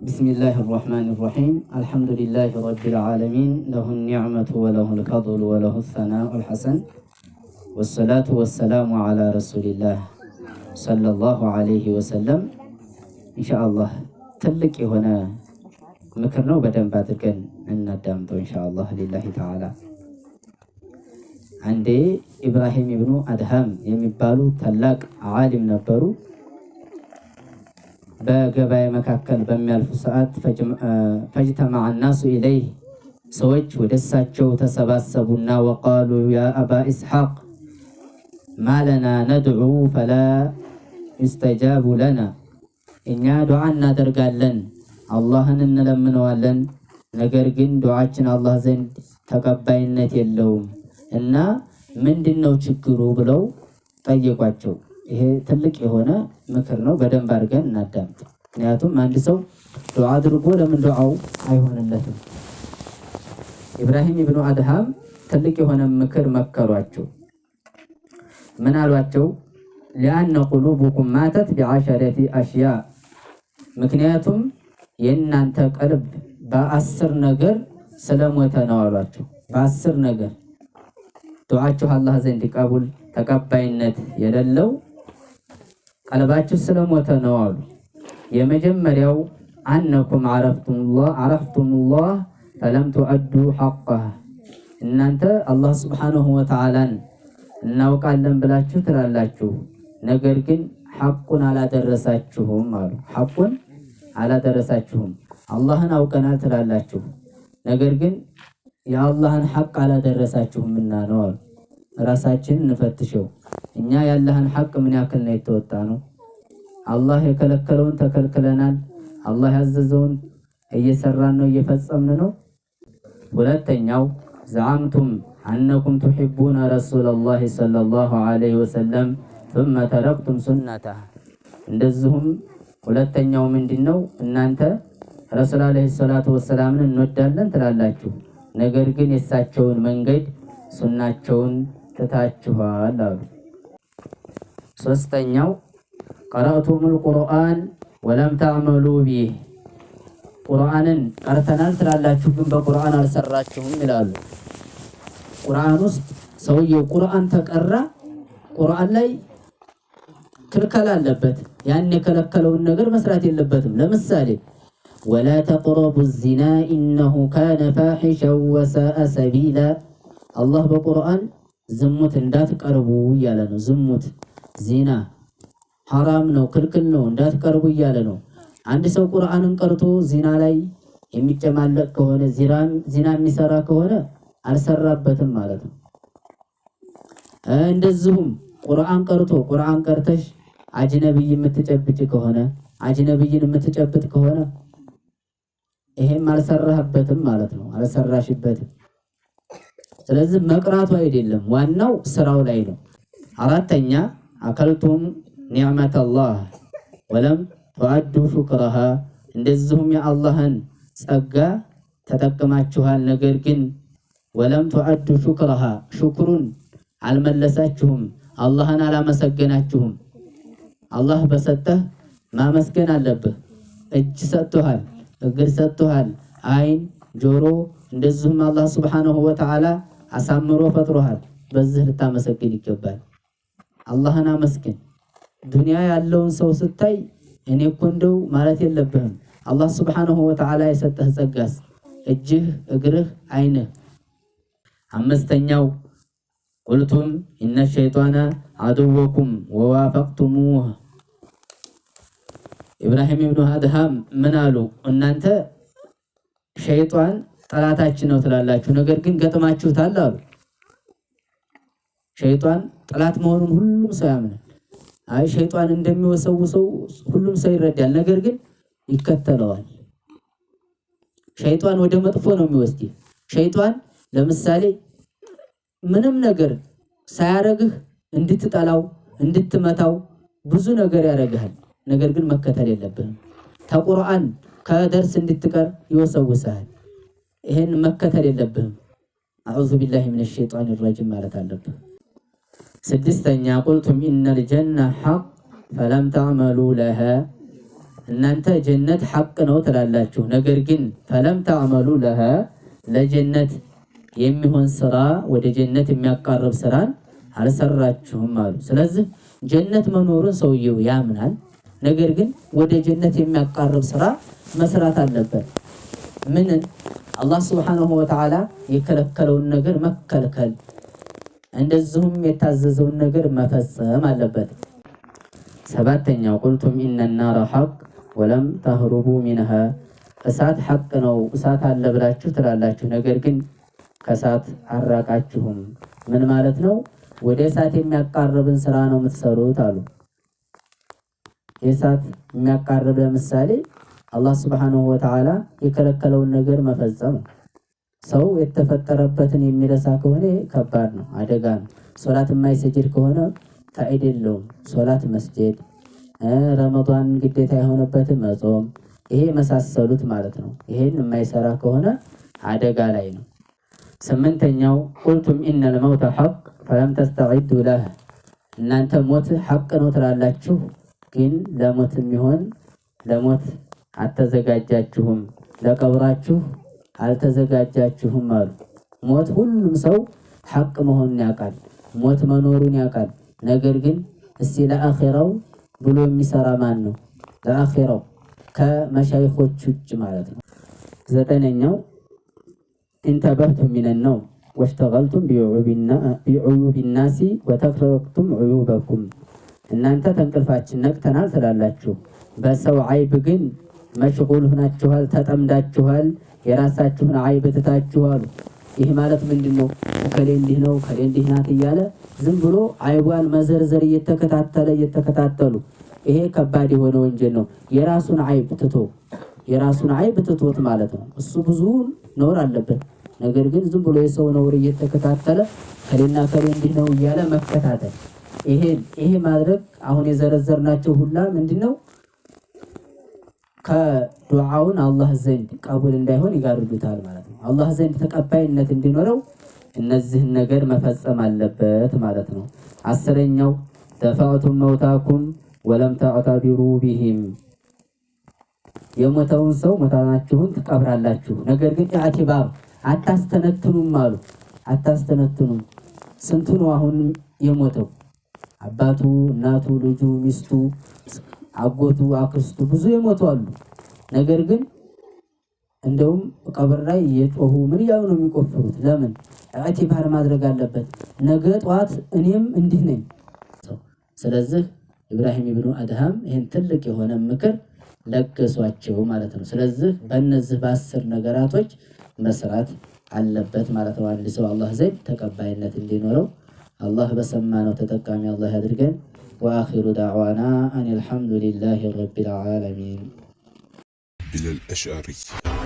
بسم الله الرحمن الرحيم الحمد لله رب العالمين له النعمة وله الفضل وله الثناء الحسن والصلاة والسلام على رسول الله صلى الله عليه وسلم إن شاء الله تلك هنا ምክር إن በደንብ إن شاء الله لله تعالى عندي إبراهيم بن أدهم يمبالو ታላቅ عالم نبرو በገበያ መካከል በሚያልፉ ሰዓት ፈጅተማ አናሱ ኢለይህ ሰዎች ወደ እሳቸው ተሰባሰቡና ወቃሉ ያ አባ ኢስሐቅ ማለና ነድዑ ፈላ ዩስተጃቡ ለና እኛ ዱዓ እናደርጋለን፣ አላህን እንለምነዋለን። ነገር ግን ዱዓችን አላህ ዘንድ ተቀባይነት የለውም እና ምንድን ነው ችግሩ ብለው ጠየቋቸው። ይሄ ትልቅ የሆነ ምክር ነው። በደንብ አድርገን እናዳምጥ። ምክንያቱም አንድ ሰው ዱዓ አድርጎ ለምን ዱዓው አይሆንለትም? ኢብራሂም ኢብኑ አድሃም ትልቅ የሆነ ምክር መከሯቸው። ምን አሏቸው? ሊአነ ቁሉቡኩም ማተት ቢአሸረቲ አሽያ፣ ምክንያቱም የእናንተ ቀልብ በአስር ነገር ስለሞተ ነው አሏቸው። በአስር ነገር ዱዓችሁ አላህ ዘንድ ቀቡል ተቀባይነት የሌለው ቀልባችሁ ስለሞተ ነው አሉ። የመጀመሪያው አነኩም አረፍቱሙላህ ፈለም ቱአዱ ሐቀህ እናንተ አላህ ስብሓነሁ ወተዓላን እናውቃለን ብላችሁ ትላላችሁ፣ ነገር ግን ሐቁን አላደረሳችሁም አሉ። ሐቁን አላደረሳችሁም። አላህን አውቀናል ትላላችሁ፣ ነገር ግን የአላህን ሐቅ አላደረሳችሁምና ነው አሉ። ራሳችን እንፈትሸው። እኛ የአላህን ሐቅ ምን ያክል ነው የተወጣ ነው? አላህ የከለከለውን ተከልክለናል። አላህ ያዘዘውን እየሰራን ነው እየፈጸምን ነው? ሁለተኛው ዘዓምቱም አነኩም ቱሒቡነ ረሱለላሂ ሰለላሁ ዐለይሂ ወሰለም ሱመ ተረክቱም ሱነተ። እንደዚሁም ሁለተኛው ምንድን ነው? እናንተ ረሱል ዐለይሂ ሰላቱ ወሰላምን እንወዳለን ትላላችሁ፣ ነገር ግን የእሳቸውን መንገድ ሱናቸውን ትታችኋል አሉ። ሶስተኛው ቀረእቱሙል ቁርአን ወለም ተዕመሉ ቢህ ቁርአንን ቀርተናል ትላላችሁ፣ ግን በቁርአን አልሰራችሁም ይላሉ። ቁርአን ውስጥ ሰውየው ቁርአን ተቀራ ቁርአን ላይ ክልከል አለበት። ያን የከለከለውን ነገር መስራት የለበትም። ለምሳሌ ወላ ተቅረቡ ዚና ኢነሁ ካነ ፋሒሻ ወሳአ ሰቢላ አላህ በቁርአን ዝሙት እንዳትቀርቡ እያለ ነው። ዝሙት፣ ዜና ሐራም ነው፣ ክልክል ነው፣ እንዳትቀርቡ እያለ ነው። አንድ ሰው ቁርአንን ቀርቶ ዜና ላይ የሚጨማለቅ ከሆነ ዜና የሚሰራ ከሆነ አልሰራበትም ማለት ነው። እንደዚሁም ቁርአን ቀርቶ ቁርአን ቀርተሽ አጅነብይ የምትጨብጭ ከሆነ አጅነብይን የምትጨብጥ ከሆነ ይሄም አልሰራህበትም ማለት ነው፣ አልሰራሽበትም። ስለዚህ መቅራቱ አይደለም፣ ዋናው ስራው ላይ ነው። አራተኛ አከልቱም ኒዕመት አላህ ወለም ተዋዱ ሹክረሃ፣ እንደዚሁም የአላህን ጸጋ ተጠቅማችኋል፣ ነገር ግን ወለም ተዋዱ ሹክረሃ፣ ሹክሩን አልመለሳችሁም፣ አላህን አላመሰገናችሁም። አላህ በሰጠህ ማመስገን አለብህ። እጅ ሰጥቶሃል፣ እግር ሰጥቶሃል፣ አይን፣ ጆሮ እንደዚሁም አላህ ሱብሓነሁ ወተዓላ አሳምሮ ፈጥሮሃል። በዚህ ልታመሰግን ይገባል። አላህን አመስግን። ዱንያ ያለውን ሰው ስታይ እኔ እኮ እንደው ማለት የለብህም። አላህ ስብሓንሁ ወተዓላ የሰጠህ ጸጋስ እጅህ፣ እግርህ፣ አይንህ። አምስተኛው ቁልቱም ኢነ ሸይጣና አድወኩም ወዋፈቅቱሙህ። ኢብራሂም ኢብኑ አድሃም ምን አሉ? እናንተ ሸይጣን ጠላታችን ነው ትላላችሁ፣ ነገር ግን ገጥማችሁታል አሉ። ሸይጧን ጠላት መሆኑን ሁሉም ሰው ያምናል። አይ ሸይጧን እንደሚወሰውሰው ሁሉም ሰው ይረዳል። ነገር ግን ይከተለዋል። ሸይጧን ወደ መጥፎ ነው የሚወስድ። ሸይጧን ለምሳሌ ምንም ነገር ሳያረግህ እንድትጠላው እንድትመታው ብዙ ነገር ያደርግሃል። ነገር ግን መከተል የለብህም። ተቁርአን ከደርስ እንድትቀር ይወሰውሰሃል። ይሄን መከተል የለብህም። አዑዙ ቢላሂ ሚነ ሸይጣን ረጂም ማለት አለብህ። ስድስተኛ ቁልቱም ኢነል ጀና ሐቅ ፈለም ተዕመሉ ለሀ እናንተ ጀነት ሐቅ ነው ትላላችሁ፣ ነገር ግን ፈለም ተዕመሉ ለሀ ለጀነት የሚሆን ስራ ወደ ጀነት የሚያቃርብ ስራን አልሰራችሁም አሉ። ስለዚህ ጀነት መኖሩን ሰውየው ያምናል። ነገር ግን ወደ ጀነት የሚያቃርብ ስራ መስራት አለበት። ምንን አላህ ስብሓንሁ ወተዓላ የከለከለውን ነገር መከልከል እንደዚሁም የታዘዘውን ነገር መፈጸም አለበት። ሰባተኛው ቁልቱም ኢነናረ ሐቅ ወለም ተህሩቡ ሚንሃ እሳት ሐቅ ነው፣ እሳት አለ ብላችሁ ትላላችሁ፣ ነገር ግን ከእሳት አራቃችሁም። ምን ማለት ነው? ወደ እሳት የሚያቃርብን ስራ ነው የምትሰሩት አሉ። የእሳት የሚያቃርብ ለምሳሌ አላህ ስብሓንሁ ወተዓላ የከለከለውን ነገር መፈጸም ነው። ሰው የተፈጠረበትን የሚረሳ ከሆነ ከባድ ነው፣ አደጋ ነው። ሶላት የማይሰጅድ ከሆነ ፋይዳ የለውም። ሶላት መስጀድ፣ ረመዷን ግዴታ የሆነበት መጾም፣ ይሄ የመሳሰሉት ማለት ነው። ይሄን የማይሰራ ከሆነ አደጋ ላይ ነው። ስምንተኛው ቁልቱም ኢነል መውተ ሐቅ ፈለም ተስተዒዱ ለህ፣ እናንተ ሞት ሐቅ ነው ትላላችሁ፣ ግን ለሞት የሚሆን ለሞት አልተዘጋጃችሁም፣ ለቀብራችሁ አልተዘጋጃችሁም አሉ። ሞት ሁሉም ሰው ሐቅ መሆኑን ያውቃል፣ ሞት መኖሩን ያውቃል። ነገር ግን እስቲ ለአኼራው ብሎ የሚሰራ ማን ነው? ለአኼራው ከመሻይኾች ውጭ ማለት ነው። ዘጠነኛው ሚነን ነው ወሽተገልቱም ቢዑዩብ ናሲ ወተክለቅቱም ዑዩበኩም እናንተ ተንቅልፋችን ነቅተናል ትላላችሁ፣ በሰው አይብ ግን መሽጉል ሁናችኋል፣ ተጠምዳችኋል፣ የራሳችሁን አይብ ትታችኋሉ ይህ ማለት ምንድን ነው? ከሌ እንዲህ ነው፣ ከሌ እንዲህ ናት እያለ ዝም ብሎ አይቧን መዘርዘር እየተከታተለ እየተከታተሉ ይሄ ከባድ የሆነ ወንጀል ነው። የራሱን አይብ ትቶ የራሱን አይብ ትቶት ማለት ነው። እሱ ብዙ ኖር አለበት። ነገር ግን ዝም ብሎ የሰው ነውር እየተከታተለ ከሌና ከሌ እንዲህ ነው እያለ መከታተል፣ ይሄ ማድረግ አሁን የዘረዘርናቸው ሁላ ምንድን ነው ከዱዓውን አላህ ዘንድ ቀቡል እንዳይሆን ይጋርዱታል ማለት ነው። አላህ ዘንድ ተቀባይነት እንዲኖረው እነዚህን ነገር መፈጸም አለበት ማለት ነው። አስረኛው ተፋቱም መውታኩም ወለም ታዕታቢሩ ቢሂም የሞተውን ሰው ሞታናችሁን ትቀብራላችሁ፣ ነገር ግን ኢዕቲባር አታስተነትኑም አሉ። አታስተነትኑም ስንቱ ነው አሁን የሞተው አባቱ፣ እናቱ፣ ልጁ፣ ሚስቱ አጎቱ፣ አክስቱ ብዙ የሞቱ አሉ። ነገር ግን እንደውም ቀብር ላይ የጮሁ ምን ያው ነው የሚቆፍሩት። ለምን ኢዕቲባር ማድረግ አለበት። ነገ ጠዋት እኔም እንዲህ ነኝ። ስለዚህ ኢብራሂም ኢብኑ አድሃም ይህን ትልቅ የሆነ ምክር ለገሷቸው ማለት ነው። ስለዚህ በእነዚህ በአስር ነገራቶች መስራት አለበት ማለት ነው። አንድ ሰው አላህ ዘንድ ተቀባይነት እንዲኖረው አላህ በሰማነው ተጠቃሚ አላህ ያድርገን። وآخر دعوانا أن الحمد لله رب العالمين إلى الأشعري